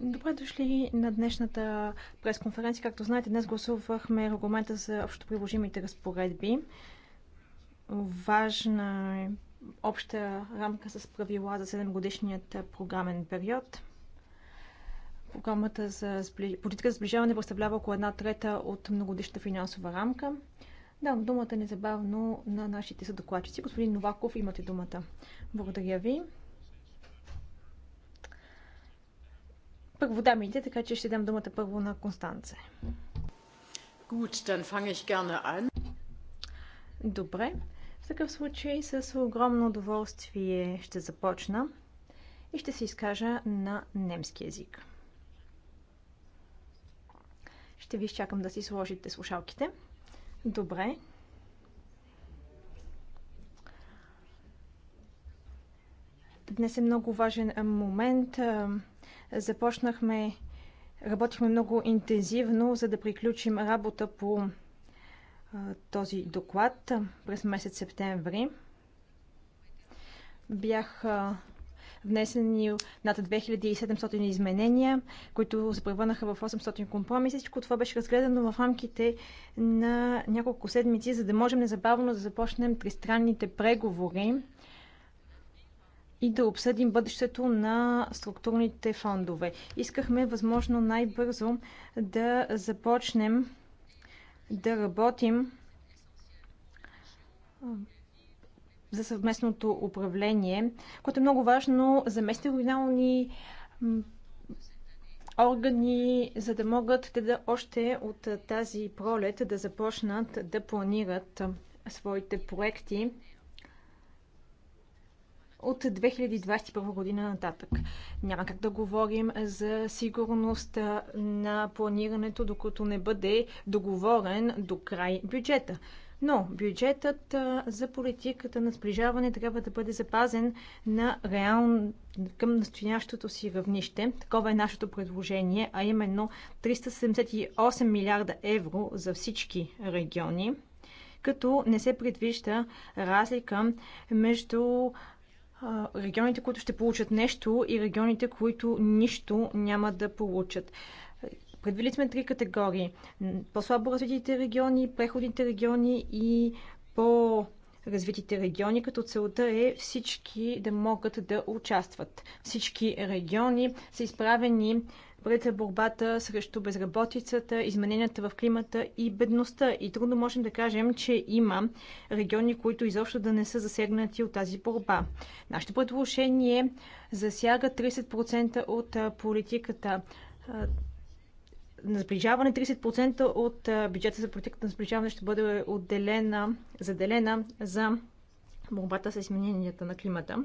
Добре дошли на днешната пресконференция. Както знаете, днес гласувахме регламента за общоприложимите разпоредби. Важна е обща рамка с правила за 7-годишният програмен период. Програмата за политика за сближаване представлява около една трета от многодишната финансова рамка. Давам думата незабавно на нашите съдокладчици. Господин Новаков, имате думата. Благодаря ви. първо дамите, така че ще дам думата първо на Констанце. Добре. В такъв случай с огромно удоволствие ще започна и ще се изкажа на немски язик. Ще ви изчакам да си сложите слушалките. Добре. Днес е много важен момент започнахме, работихме много интензивно, за да приключим работа по този доклад през месец септември. Бях внесени над 2700 изменения, които се превърнаха в 800 компромиси. Всичко това беше разгледано в рамките на няколко седмици, за да можем незабавно да започнем тристранните преговори и да обсъдим бъдещето на структурните фондове. Искахме възможно най-бързо да започнем да работим за съвместното управление, което е много важно за местни регионални органи, за да могат те да още от тази пролет да започнат да планират своите проекти от 2021 година нататък. Няма как да говорим за сигурност на планирането, докато не бъде договорен до край бюджета. Но бюджетът за политиката на сближаване трябва да бъде запазен на реално към настоящото си равнище. Такова е нашето предложение, а именно 378 милиарда евро за всички региони като не се предвижда разлика между регионите, които ще получат нещо и регионите, които нищо няма да получат. Предвидили сме три категории. По-слабо развитите региони, преходните региони и по развитите региони, като целта е всички да могат да участват. Всички региони са изправени пред борбата срещу безработицата, измененията в климата и бедността. И трудно можем да кажем, че има региони, които изобщо да не са засегнати от тази борба. Нашето предложение засяга 30% от политиката на сближаване. 30% от бюджета за политиката на сближаване ще бъде отделена, заделена за борбата с измененията на климата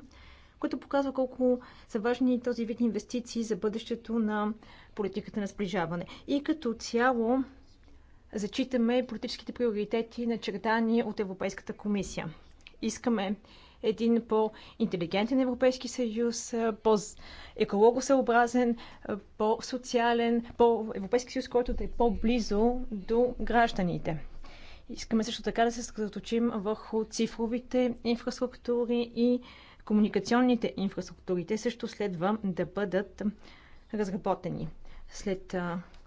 което показва колко са важни този вид инвестиции за бъдещето на политиката на сближаване. И като цяло зачитаме политическите приоритети, начертани от Европейската комисия. Искаме един по-интелигентен Европейски съюз, по-екологосъобразен, по-социален, по-Европейски съюз, който да е по-близо до гражданите. Искаме също така да се съсредоточим върху цифровите инфраструктури и комуникационните инфраструктурите също следва да бъдат разработени. След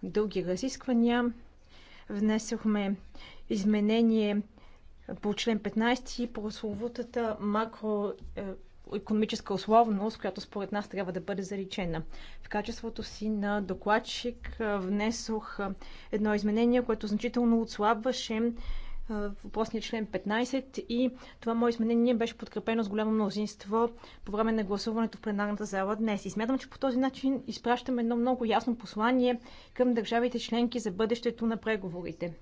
дълги разисквания внесохме изменение по член 15 по словутата макро економическа условност, която според нас трябва да бъде заличена. В качеството си на докладчик внесох едно изменение, което значително отслабваше въпросния член 15 и това мое изменение беше подкрепено с голямо мнозинство по време на гласуването в пленарната зала днес. И смятам, че по този начин изпращаме едно много ясно послание към държавите членки за бъдещето на преговорите.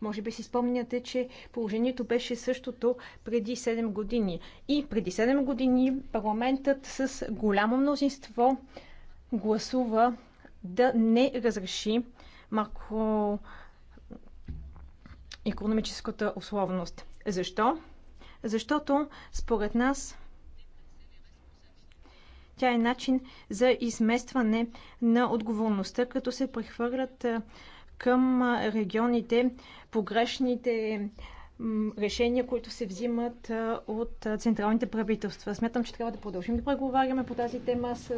Може би си спомняте, че положението беше същото преди 7 години. И преди 7 години парламентът с голямо мнозинство гласува да не разреши Марко економическата условност. Защо? Защото според нас тя е начин за изместване на отговорността, като се прехвърлят към регионите погрешните решения, които се взимат от централните правителства. Смятам, че трябва да продължим да преговаряме по тази тема с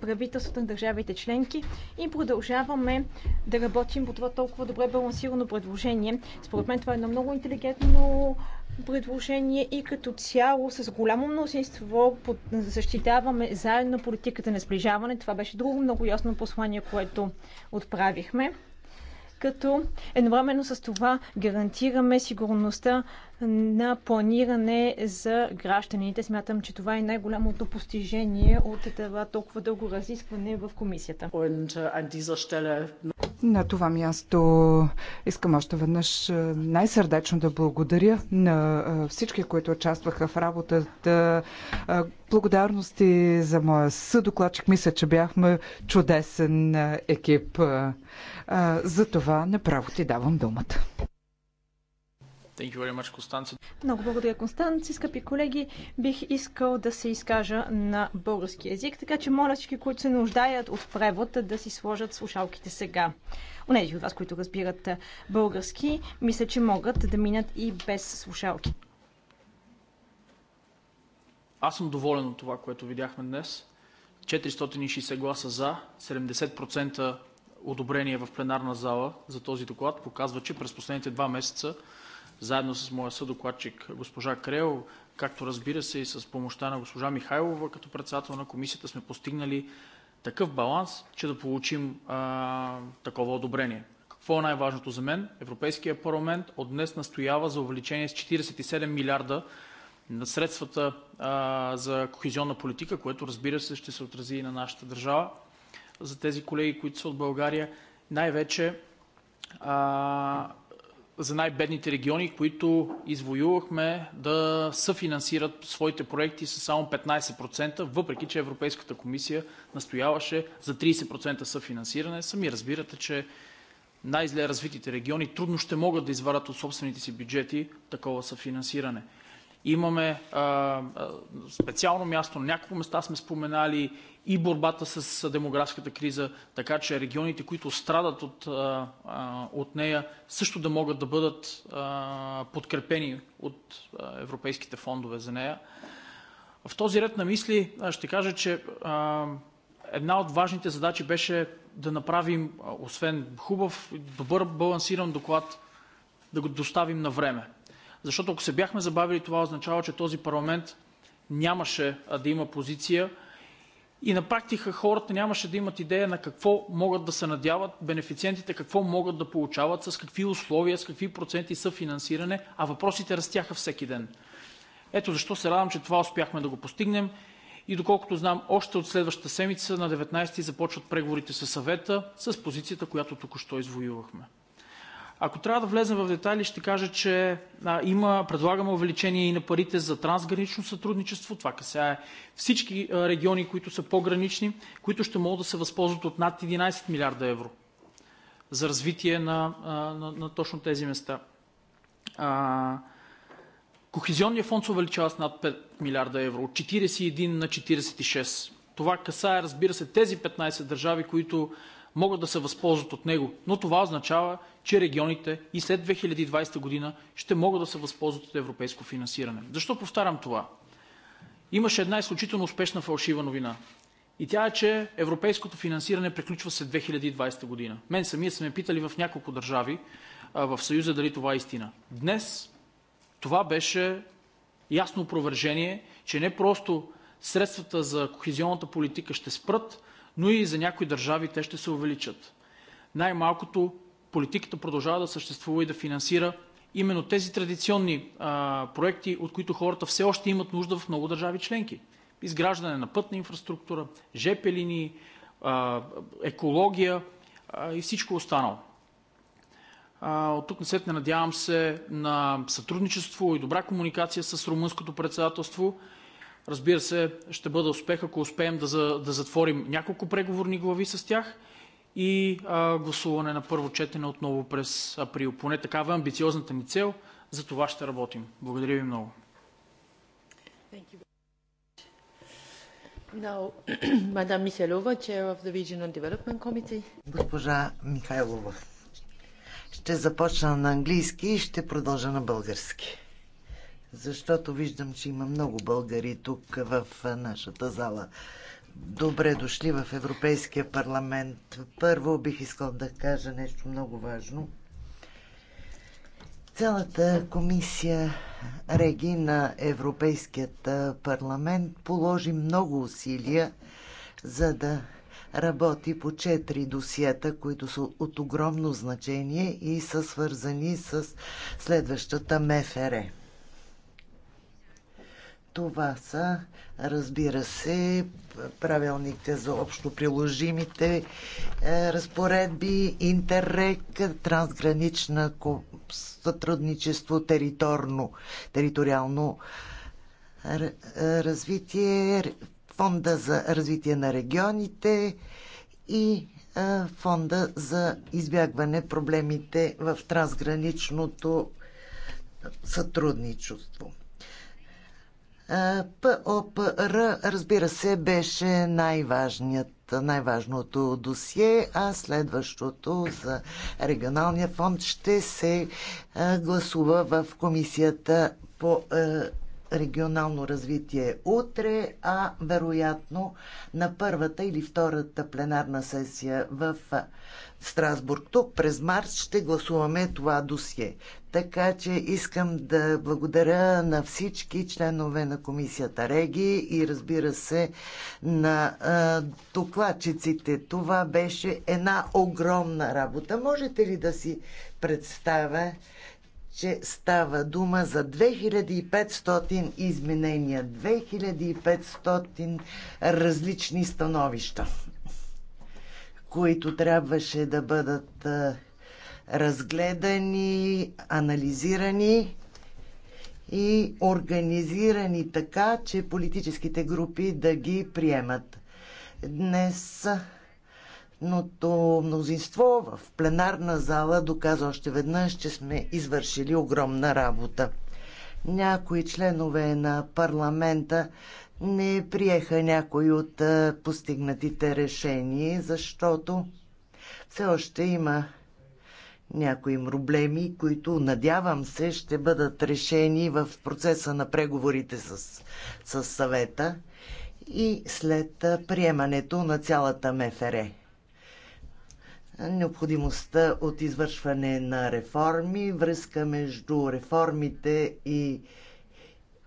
правителството на държавите членки и продължаваме да работим по това толкова добре балансирано предложение. Според мен това е едно много интелигентно предложение и като цяло с голямо мнозинство защитаваме заедно политиката на сближаване. Това беше друго много ясно послание, което отправихме като едновременно с това гарантираме сигурността на планиране за гражданите. Смятам, че това е най-голямото постижение от това толкова дълго разискване в комисията. На това място искам още веднъж е, най-сърдечно да благодаря на е, всички, които участваха в работата. Е, благодарности за моя съдокладчик. Мисля, че бяхме чудесен екип. За това направо ти давам думата. Much, Много благодаря, Констанци. Скъпи колеги, бих искал да се изкажа на български язик, така че моля всички, които се нуждаят от превод, да си сложат слушалките сега. Унези от вас, които разбират български, мисля, че могат да минат и без слушалки. Аз съм доволен от това, което видяхме днес. 460 гласа за, 70% одобрение в пленарна зала за този доклад показва, че през последните два месеца заедно с моя съдокладчик госпожа Крел, както, разбира се, и с помощта на госпожа Михайлова като председател на Комисията, сме постигнали такъв баланс, че да получим а, такова одобрение. Какво е най-важното за мен? Европейския парламент от днес настоява за увеличение с 47 милиарда на средствата а, за кохезионна политика, което разбира се ще се отрази и на нашата държава. За тези колеги, които са от България, най-вече а, за най-бедните региони, които извоювахме да съфинансират своите проекти с само 15%, въпреки че Европейската комисия настояваше за 30% съфинансиране. Сами разбирате, че най-зле развитите региони трудно ще могат да извадят от собствените си бюджети такова съфинансиране. Имаме а, специално място, на места сме споменали и борбата с демографската криза, така че регионите, които страдат от, а, от нея, също да могат да бъдат а, подкрепени от а, европейските фондове за нея. В този ред на мисли ще кажа, че а, една от важните задачи беше да направим, освен хубав, добър балансиран доклад, да го доставим на време. Защото ако се бяхме забавили, това означава, че този парламент нямаше да има позиция и на практика хората нямаше да имат идея на какво могат да се надяват, бенефициентите какво могат да получават, с какви условия, с какви проценти са финансиране, а въпросите растяха всеки ден. Ето защо се радвам, че това успяхме да го постигнем и доколкото знам, още от следващата седмица на 19 започват преговорите със съвета с позицията, която току-що извоювахме. Ако трябва да влезем в детайли, ще кажа, че предлагаме увеличение и на парите за трансгранично сътрудничество. Това касае всички региони, които са погранични, които ще могат да се възползват от над 11 милиарда евро за развитие на, на, на точно тези места. А, Кохезионният фонд се увеличава с над 5 милиарда евро, от 41 на 46. Това касае, разбира се, тези 15 държави, които могат да се възползват от него, но това означава, че регионите и след 2020 година ще могат да се възползват от европейско финансиране. Защо повтарям това? Имаше една изключително успешна фалшива новина. И тя е, че европейското финансиране приключва след 2020 година. Мен самия сме питали в няколко държави а, в Съюза дали това е истина. Днес това беше ясно опровержение, че не просто средствата за кохезионната политика ще спрат, но и за някои държави те ще се увеличат. Най-малкото политиката продължава да съществува и да финансира именно тези традиционни а, проекти, от които хората все още имат нужда в много държави членки. Изграждане на пътна инфраструктура, ЖП линии, а, екология а, и всичко останало. А, от тук насетне надявам се на сътрудничество и добра комуникация с румънското председателство Разбира се, ще бъде успех, ако успеем да, да затворим няколко преговорни глави с тях и а, гласуване на първо четене отново през април. Поне такава е амбициозната ни цел. За това ще работим. Благодаря ви много. Now, Госпожа Михайлова, ще започна на английски и ще продължа на български защото виждам, че има много българи тук в нашата зала. Добре дошли в Европейския парламент. Първо бих искал да кажа нещо много важно. Цялата комисия Реги на Европейският парламент положи много усилия за да работи по четири досиета, които са от огромно значение и са свързани с следващата МФР. Това са, разбира се, правилните за общо приложимите е, разпоредби, интеррек, трансгранична сътрудничество, територно, териториално развитие, фонда за развитие на регионите и е, фонда за избягване проблемите в трансграничното сътрудничество. ПОПР, разбира се, беше най-важният най-важното досие, а следващото за регионалния фонд ще се гласува в комисията по регионално развитие утре, а вероятно на първата или втората пленарна сесия в Страсбург. Тук през март ще гласуваме това досие. Така че искам да благодаря на всички членове на комисията Реги и разбира се на а, докладчиците. Това беше една огромна работа. Можете ли да си представя, че става дума за 2500 изменения, 2500 различни становища, които трябваше да бъдат разгледани, анализирани и организирани така, че политическите групи да ги приемат. Днес Огромното мнозинство в пленарна зала доказа още веднъж, че сме извършили огромна работа. Някои членове на парламента не приеха някои от постигнатите решения, защото все още има някои проблеми, които надявам се ще бъдат решени в процеса на преговорите с, с съвета и след приемането на цялата МФР необходимостта от извършване на реформи, връзка между реформите и,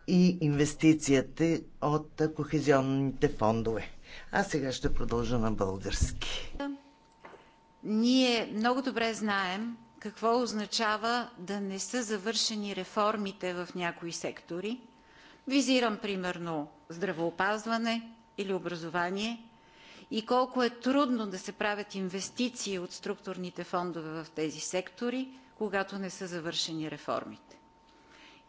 и инвестицията от кохезионните фондове. А сега ще продължа на български. Ние много добре знаем какво означава да не са завършени реформите в някои сектори. Визирам примерно здравеопазване или образование – и колко е трудно да се правят инвестиции от структурните фондове в тези сектори, когато не са завършени реформите.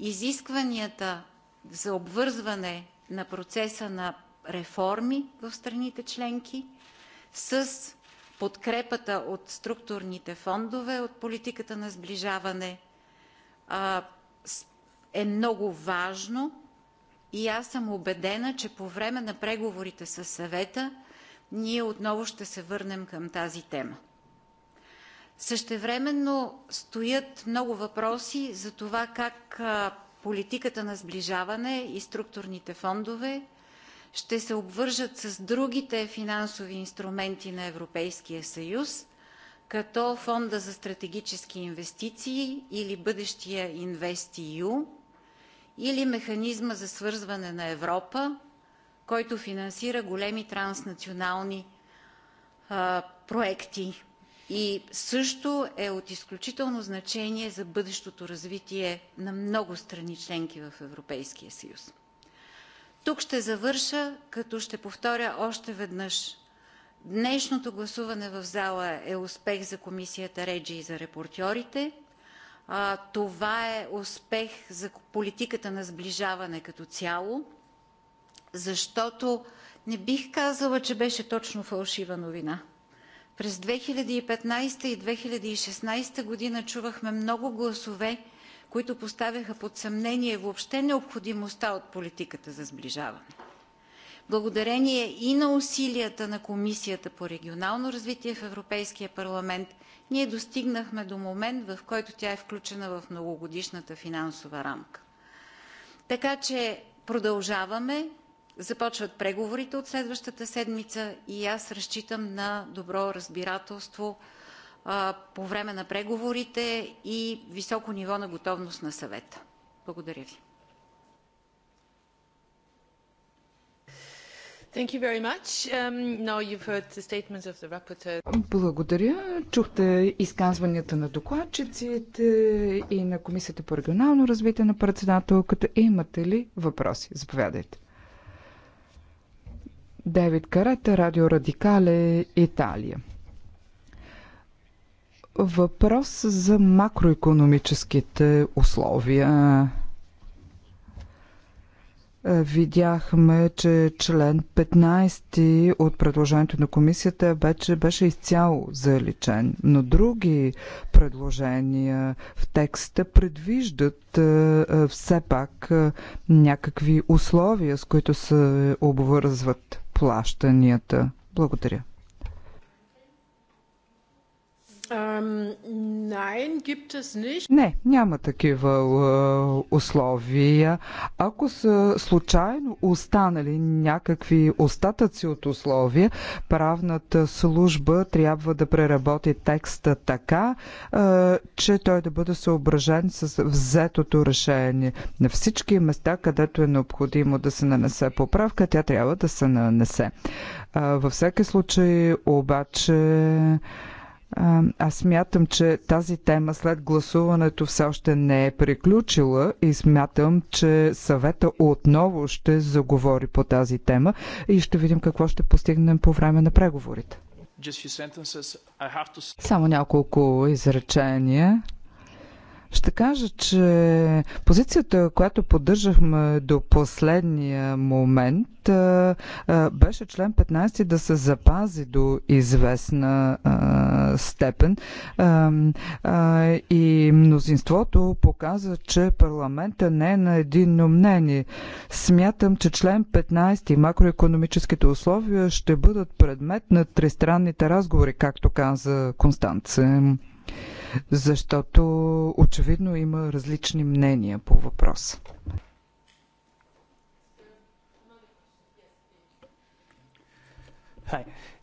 Изискванията за обвързване на процеса на реформи в страните членки с подкрепата от структурните фондове, от политиката на сближаване е много важно и аз съм убедена, че по време на преговорите със съвета ние отново ще се върнем към тази тема. Същевременно стоят много въпроси за това как политиката на сближаване и структурните фондове ще се обвържат с другите финансови инструменти на Европейския съюз, като Фонда за стратегически инвестиции или бъдещия InvestEU, или механизма за свързване на Европа, който финансира големи транснационални а, проекти и също е от изключително значение за бъдещото развитие на много страни членки в Европейския съюз. Тук ще завърша, като ще повторя още веднъж. Днешното гласуване в зала е успех за комисията Реджи и за репортьорите. това е успех за политиката на сближаване като цяло защото не бих казала, че беше точно фалшива новина. През 2015 и 2016 година чувахме много гласове, които поставяха под съмнение въобще необходимостта от политиката за сближаване. Благодарение и на усилията на Комисията по регионално развитие в Европейския парламент, ние достигнахме до момент, в който тя е включена в многогодишната финансова рамка. Така че продължаваме Започват преговорите от следващата седмица и аз разчитам на добро разбирателство а, по време на преговорите и високо ниво на готовност на съвета. Благодаря ви. Um, Благодаря. Чухте изказванията на докладчиците и на Комисията по регионално развитие на председателката. Имате ли въпроси? Заповядайте. Девид Карета, Радио Радикале, Италия. Въпрос за макроекономическите условия видяхме, че член 15 от предложението на комисията вече беше изцяло заличен, но други предложения в текста предвиждат е, е, все пак е, някакви условия, с които се обвързват плащанията. Благодаря. Не, няма такива условия. Ако са случайно останали някакви остатъци от условия, правната служба трябва да преработи текста така, че той да бъде съображен с взетото решение. На всички места, където е необходимо да се нанесе поправка, тя трябва да се нанесе. Във всеки случай, обаче, аз смятам, че тази тема след гласуването все още не е приключила и смятам, че съвета отново ще заговори по тази тема и ще видим какво ще постигнем по време на преговорите. Само няколко изречения. Ще кажа, че позицията, която поддържахме до последния момент, беше член 15 да се запази до известна степен. И мнозинството показа, че парламента не е на единно мнение. Смятам, че член 15 и макроекономическите условия ще бъдат предмет на тристранните разговори, както каза Констанция защото очевидно има различни мнения по въпроса.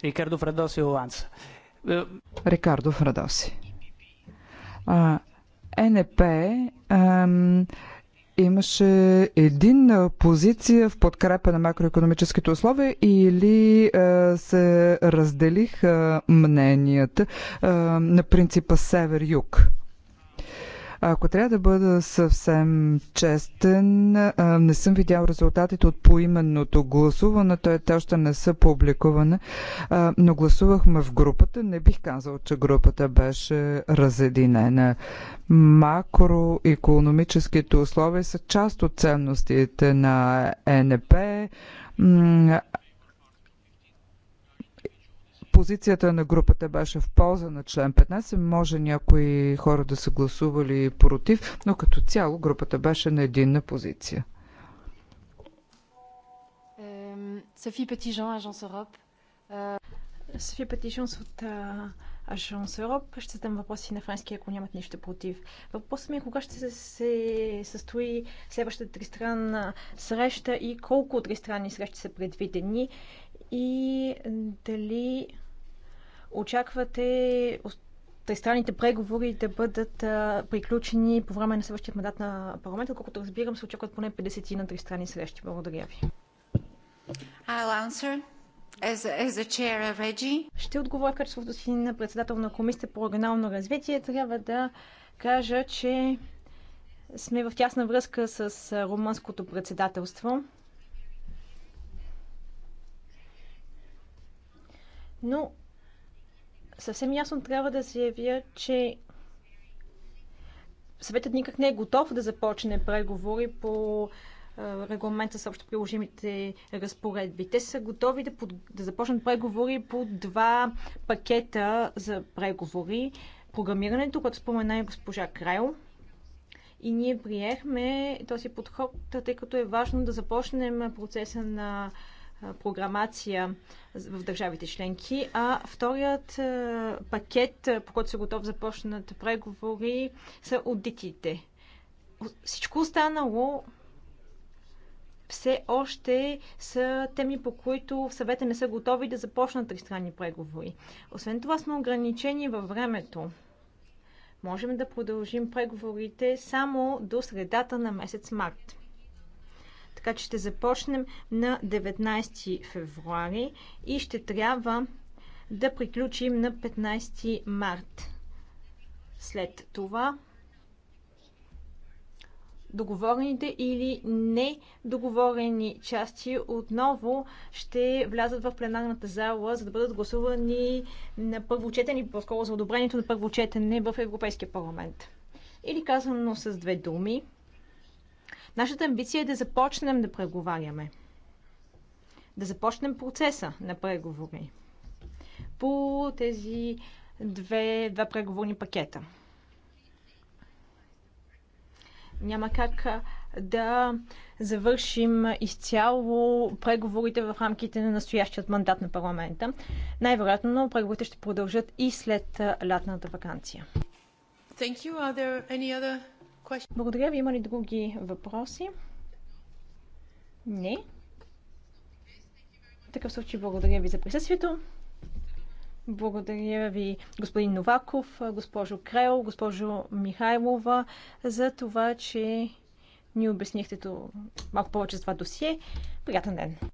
Рикардо Фрадоси Оланса. Е, Рикардо Фрадоси. Е НП имаше единна позиция в подкрепа на макроекономическите условия или се разделих мненията на принципа север-юг? Ако трябва да бъда съвсем честен, не съм видял резултатите от поименното гласуване, т.е. те още не са публикувани, но гласувахме в групата. Не бих казал, че групата беше разединена. Макроекономическите условия са част от ценностите на ЕНП позицията на групата беше в полза на член 15. Може някои хора да са гласували против, но като цяло групата беше на единна позиция. Софи Петижан, Агенс Европ. Е, Софи Петижан от Агенс Европ. Ще задам въпроси на френски, ако нямат нищо против. Въпросът ми е кога ще се, се състои следващата тристранна среща и колко тристранни срещи са предвидени и дали очаквате тристранните преговори да бъдат а, приключени по време на следващия мандат на парламента, колкото разбирам се очакват поне 50 на тристранни срещи. Благодаря ви. I'll answer. As a, as a chair of Ще отговоря в качеството си на председател на Комисията по регионално развитие. Трябва да кажа, че сме в тясна връзка с румънското председателство. Но съвсем ясно трябва да заявя, че съветът никак не е готов да започне преговори по регламента с общо приложимите разпоредби. Те са готови да, под... да започнат преговори по два пакета за преговори. Програмирането, което спомена и госпожа Крайл. И ние приехме този подход, тъй като е важно да започнем процеса на програмация в държавите членки, а вторият пакет, по който са готов започнат преговори, са аудитите. Всичко останало все още са теми, по които в съвета не са готови да започнат тристранни преговори. Освен това сме ограничени във времето. Можем да продължим преговорите само до средата на месец март. Така че ще започнем на 19 февруари и ще трябва да приключим на 15 март. След това договорените или недоговорени части отново ще влязат в пленарната зала, за да бъдат гласувани на първо четене, по-скоро за одобрението на първо четене в Европейския парламент. Или казано с две думи, Нашата амбиция е да започнем да преговаряме. Да започнем процеса на преговори по тези две, два преговорни пакета. Няма как да завършим изцяло преговорите в рамките на настоящият мандат на парламента. Най-вероятно преговорите ще продължат и след лятната вакансия. Thank you. Are there any other благодаря ви. Има ли други въпроси? Не. В такъв случай благодаря ви за присъствието. Благодаря ви, господин Новаков, госпожо Крел, госпожо Михайлова, за това, че ни обяснихте малко повече за това досие. Приятен ден!